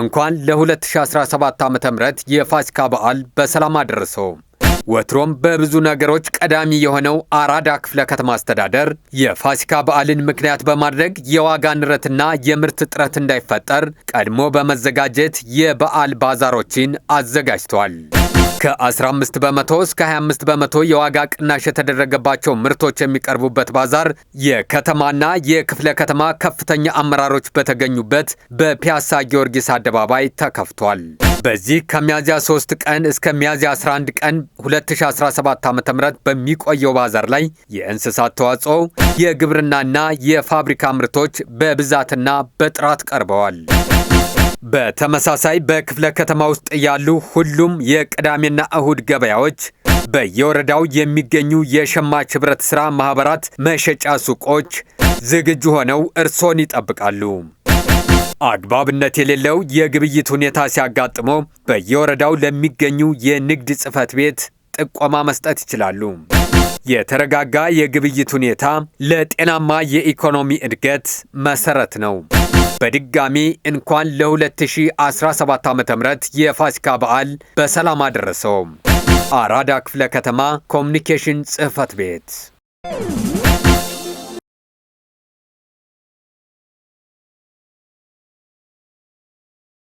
እንኳን ለ2017 ዓ ም የፋሲካ በዓል በሰላም አደረሰው። ወትሮም በብዙ ነገሮች ቀዳሚ የሆነው አራዳ ክፍለ ከተማ አስተዳደር የፋሲካ በዓልን ምክንያት በማድረግ የዋጋ ንረትና የምርት እጥረት እንዳይፈጠር ቀድሞ በመዘጋጀት የበዓል ባዛሮችን አዘጋጅቷል። ከ 15 በመቶ እስከ 25 በመቶ የዋጋ ቅናሽ የተደረገባቸው ምርቶች የሚቀርቡበት ባዛር የከተማና የክፍለ ከተማ ከፍተኛ አመራሮች በተገኙበት በፒያሳ ጊዮርጊስ አደባባይ ተከፍቷል። በዚህ ከሚያዝያ 3 ቀን እስከ ሚያዝያ 11 ቀን 2017 ዓ.ም በሚቆየው ባዛር ላይ የእንስሳት ተዋጽኦ፣ የግብርናና የፋብሪካ ምርቶች በብዛትና በጥራት ቀርበዋል። በተመሳሳይ በክፍለ ከተማ ውስጥ ያሉ ሁሉም የቅዳሜና እሁድ ገበያዎች በየወረዳው የሚገኙ የሸማች ህብረት ሥራ ማኅበራት መሸጫ ሱቆች ዝግጁ ሆነው እርሶን ይጠብቃሉ። አግባብነት የሌለው የግብይት ሁኔታ ሲያጋጥሞ በየወረዳው ለሚገኙ የንግድ ጽሕፈት ቤት ጥቆማ መስጠት ይችላሉ። የተረጋጋ የግብይት ሁኔታ ለጤናማ የኢኮኖሚ እድገት መሠረት ነው። በድጋሚ እንኳን ለ2017 ዓ ም የፋሲካ በዓል በሰላም አደረሰው። አራዳ ክፍለ ከተማ ኮሚኒኬሽን ጽህፈት ቤት